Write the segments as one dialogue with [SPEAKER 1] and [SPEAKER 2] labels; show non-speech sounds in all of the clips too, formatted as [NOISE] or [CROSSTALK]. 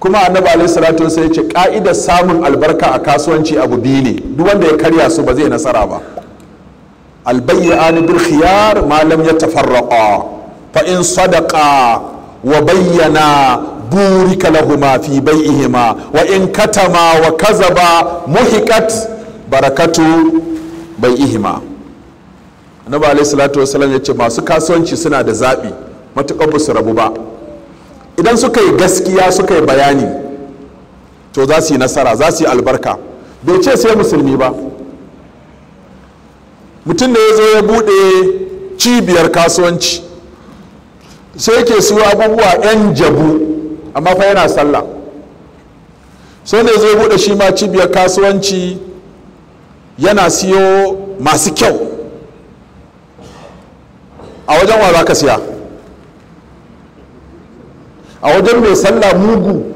[SPEAKER 1] kuma annabi alaihi salatu wasallam ya ce ka'idar samun albarka a kasuwanci abu biyu ne duk wanda ya karya su ba zai nasara ba albayyani bil khiyar ma lam yatafarraqa fa in sadaqa wa bayyana burika lahuma fi bai'ihima wa in katama wa kazaba muhiqat barakatu bai'ihima annabi alaihi salatu wasallam ya ce masu kasuwanci suna da zabi matuƙar ba su rabu ba idan suka yi gaskiya suka yi bayani to za su yi nasara za su yi albarka bai ce sai musulmi ba mutum da ya zo ya bude cibiyar kasuwanci sai yake siyo abubuwa 'yan jabu amma fa yana sallah sai ne zai bude shi ma cibiyar kasuwanci yana siyo masu kyau a wajen wa za ka siya a wajen mai sallah mugu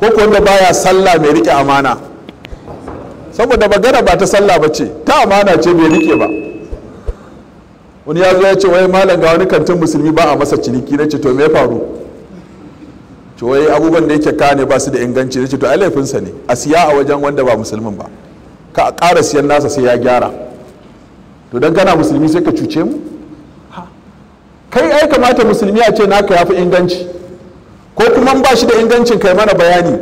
[SPEAKER 1] ko wanda baya sallah mai rike amana saboda magana ba ta sallah ba ce ta amana ce bai rike ba wani ya zo ya ce wai malam ga wani kantin musulmi ba a masa ciniki na ce to me faru to wai abubuwan da yake kane ba su da inganci na ce to ai laifinsa ne a siya a wajen wanda ba musulmin ba ka kara siyan nasa sai ya gyara to don kana musulmi sai ka cuce mu kai ai kamata musulmi a ce naka yafi inganci ko kuma ba shi da ingancin kai mana bayani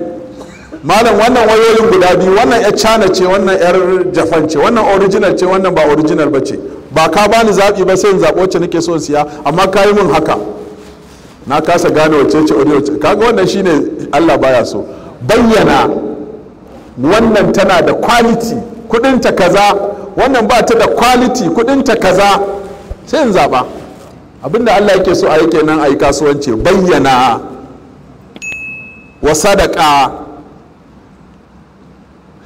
[SPEAKER 1] malam wannan wayoyin guda biyu wannan ya cana ce wannan yar jafan ce wannan original ce wannan ba original ba ce ba ka bani zaɓi ba sai in zaɓi ce nake so siya amma ka yi min haka na kasa gane wacce ce audio ce kaga wannan shine Allah baya so bayyana wannan tana da quality ta kaza wannan ba ta da quality ta kaza sai in zaɓa abinda Allah yake so a yi kenan a yi kasuwanci bayyana wa sadaka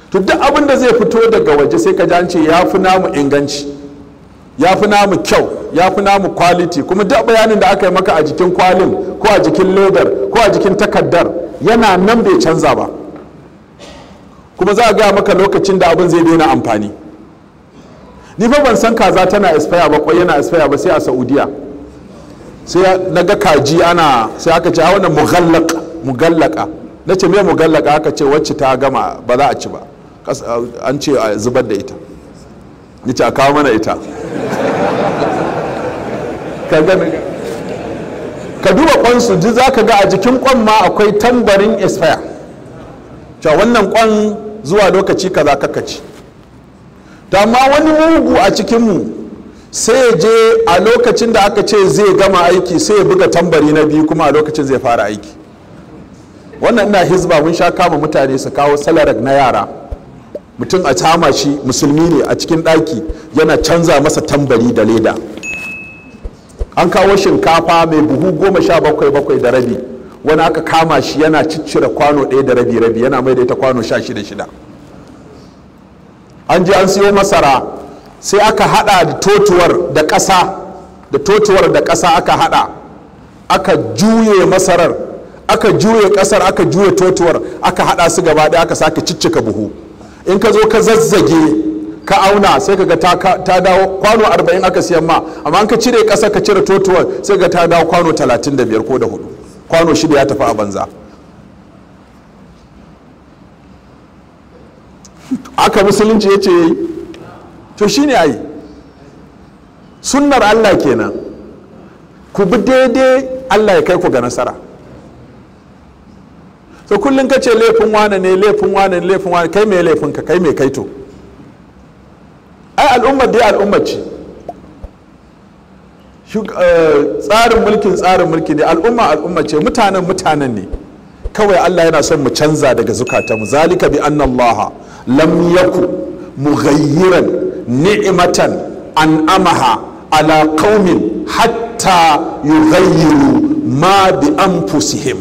[SPEAKER 1] to duk abin da zai fito daga waje sai ka jance ya fi namu inganci ya fi namu kyau ya fi namu quality kuma duk bayanin da aka yi maka a jikin kwalin ko a jikin lodar ko a jikin takaddar yana nan bai canza ba kuma za a gaya maka lokacin da abin zai daina amfani ni fa ban san kaza tana expire ba kwai yana expire ba sai a saudiya sai na ga kaji ana sai aka ce a wannan mughallaq mughallaka na ce me mughallaka aka ce wacce ta gama ba za a ci ba an ce a zubar da ita ni ce a kawo mana ita [LAUGHS] ka duba kwansu ji za ka ga a jikin kwan ma akwai tambarin expire cewa wannan kwan zuwa lokaci kaza kakaci ta ma wani mugu a cikinmu sai ya je a lokacin da aka ce zai gama aiki sai ya buga tambari na biyu kuma a lokacin zai fara aiki wannan ina hizba mun sha kama mutane su kawo salarak na yara mutum a kama shi musulmi ne a cikin ɗaki yana canza masa tambari da leda an kawo shinkafa mai buhu goma sha bakwai bakwai da rabi wani aka kama shi yana ciccire kwano ɗaya da rabi rabi yana mai da ita kwano sha shida shida an je an siyo masara sai aka hada da totuwar da ƙasa da totuwar da ƙasa aka hada aka juye masarar aka juye kasar aka juye totuwar aka hada su gaba ɗaya aka sake ciccika buhu in ka zo ka zazzage ka auna sai ka ga ta dawo kwano 40 aka siyan ma amma an ka cire kasa ka cire totuwar sai ga ta dawo kwano 35 ko da hudu kwano shida ya tafi a banza aka musulunci ya ce to shine ai sunnar Allah kenan ku bi daidai Allah ya kai ku ga nasara so kullum ka ce laifin wane ne laifin wane ne laifin wane kai mai laifin ka kai mai kaito ai al'ummar dai al'ummar ce eh, tsarin mulkin tsarin mulki ne al'umma al'umma ce mutanen mutanen ne kawai Allah yana son mu canza daga zukatanmu zalika bi anna Allah lam yaku mughayyiran ni'imatan an'amaha ala qaumin hatta yughayyiru ma bi anfusihim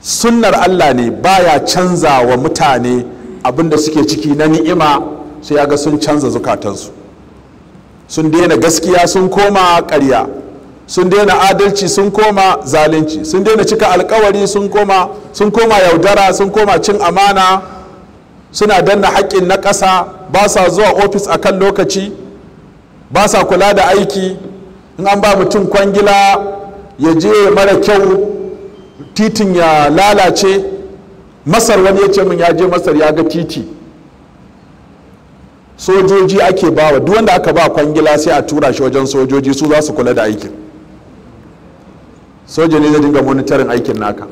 [SPEAKER 1] sunnar Allah ne baya canza wa mutane abinda suke ciki na ni'ima sai ya ga sun canza zukatansu sun daina gaskiya sun koma karya. sun daina adalci sun koma zalunci sun daina cika alkawari sun koma sun koma yaudara sun koma cin amana suna danna haƙƙin na ƙasa ba sa zuwa ofis a kan lokaci ba sa kula da aiki in an ba mutum kwangila ya je mara kyau titin ya lalace masar wani ya ce min ya je masar ya ga titi sojoji ake bawa duk wanda aka ba kwangila sai a tura shi wajen sojoji su za su kula da aikin soja ne zai dinga monitorin aikin naka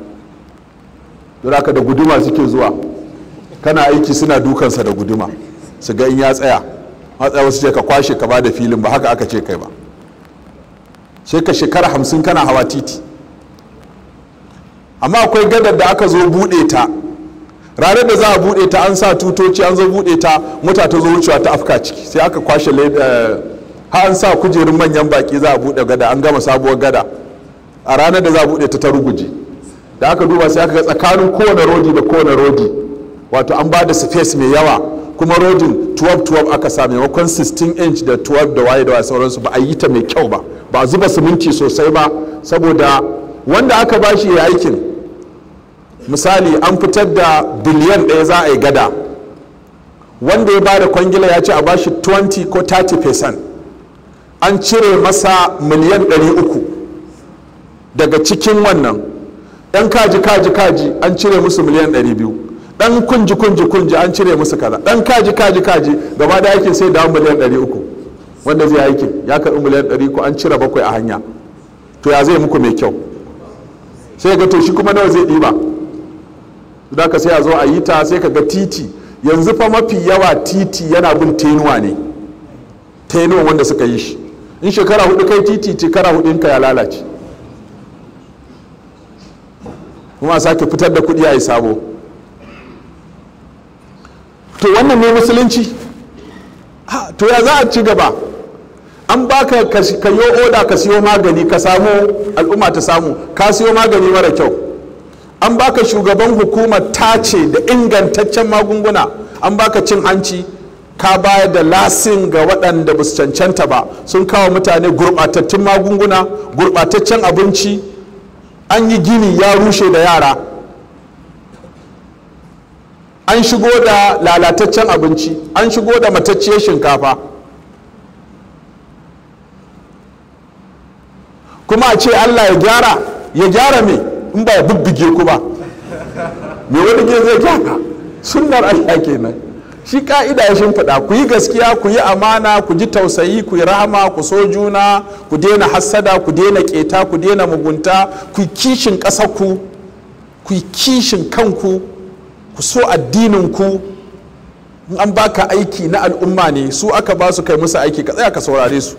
[SPEAKER 1] don haka da guduma suke zuwa kana aiki suna dukansa da guduma su ga in ya tsaya matsaya wasu ce ka kwashe ka ba da filin ba haka aka ce kai ba sai ka shekara hamsin kana hawa titi amma akwai gadar da aka zo buɗe ta ranar da za a buɗe ta an sa tutoci an zo buɗe ta mota ta zo wucewa ta afka ciki sai aka kwashe eh, ha an sa kujerun manyan baki za a buɗe gada an gama sabuwar gada a ranar da za a buɗe ta ta ruguje da aka duba sai aka ga tsakanin kowane rodi da kowane rodi wato an ba da space mai yawa kuma rodin 12-12 aka sa maimakon 16 inch da 12 da waye da waye sauransu ba a yi ta mai kyau ba ba a zuba siminti sosai ba saboda wanda aka ba shi aikin misali an fitar da biliyan ɗaya za a yi gada wanda ya ba da kwangila ya ce a ba shi 20 ko 30 an cire masa miliyan 300 daga cikin wannan 'yan kaji kaji kaji an cire musu miliyan 200 dan kunji kunji kunji an cire musu kaza dan kaji kaji kaji gaba da aikin sai da miliyan 300 wanda zai aikin ya karbi miliyan 300 an cire bakwai a hanya to ya zai muku mai kyau sai ga to shi kuma nawa zai diba da ka sai a zo a yi ta sai ka ga titi yanzu fa mafi yawa titi yana bin tenuwa ne tenuwa wanda suka yi shi in shekara hudu kai titi shekara ka ya lalace kuma sake fitar da kuɗi a yi sabo to wannan ne musulunci to ya za a ci gaba an baka ka kayo oda ka siyo magani ka samu al'umma ta samu ka siyo magani mara kyau an baka shugaban hukumar ce da ingantaccen magunguna an baka cin hanci ka bayar da lasin ga waɗanda ba su cancanta ba sun kawo mutane gurɓatattun magunguna gurɓataccen abinci an yi gini ya rushe da yara an shigo da lalataccen abinci an shigo da matacciyar shinkafa kuma a ce allah ya gyara ya gyara me in ba ya bubbuge ku ba me wani ke zai gyara sunnar allah kenan shi ka'ida ya shimfiɗa ku yi gaskiya ku yi amana ku ji tausayi ku yi rahama ku so juna ku daina hassada ku daina keta ku daina mugunta ku yi kishin ƙasarku ku yi kishin kanku ku so addininku in an baka aiki na al'umma ne su aka ba su kai musu aiki ka tsaya ka saurare su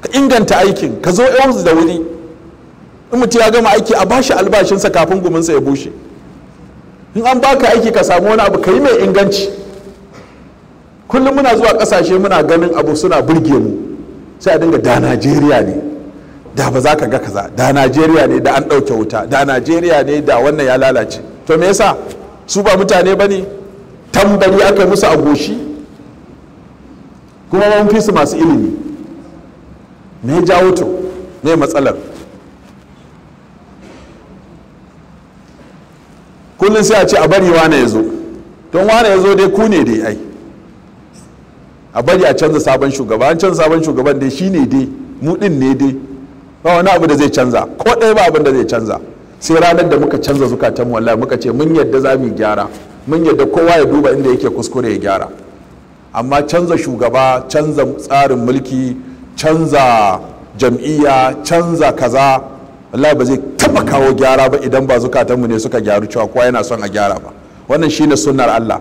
[SPEAKER 1] ka inganta aikin ka zo yawan da wuri in mutum ya gama aiki a bashi albashinsa kafin guminsa ya bushe in an baka aiki ka samu wani abu ka yi mai inganci kullum muna zuwa kasashe muna ganin abu suna burge mu sai a dinga da najeriya ne da ba za ka ga kaza da najeriya ne da an ɗauke wuta da najeriya ne da wannan ya lalace to me yasa su ba mutane ba ne tambari aka musu a goshi kuma mun fi su masu ilimi me jawo wuto me matsalar kullum sai a ce a bari wane ya zo don wane ya zo dai ku ne dai ai a bari a canza sabon shugaba an canza sabon shugaban dai shi ne dai mu ɗin ne dai ba wani abu da zai canza ko ɗaya ba abin da zai canza sai ranar da muka canza zukatan wallahi muka ce mun yadda za mu gyara mun yadda kowa ya duba inda yake kuskure ya gyara amma canza shugaba canza tsarin mulki canza jam'iyya canza kaza wallahi ba zai taba kawo gyara ba idan ba zukatanmu ne suka gyaru cewa kowa yana son a gyara ba wannan shine sunnar Allah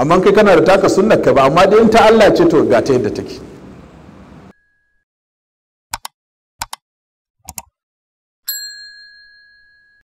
[SPEAKER 1] amma kai kana da taka sunnar ka ba amma dai in ta Allah ce to ga ta yadda take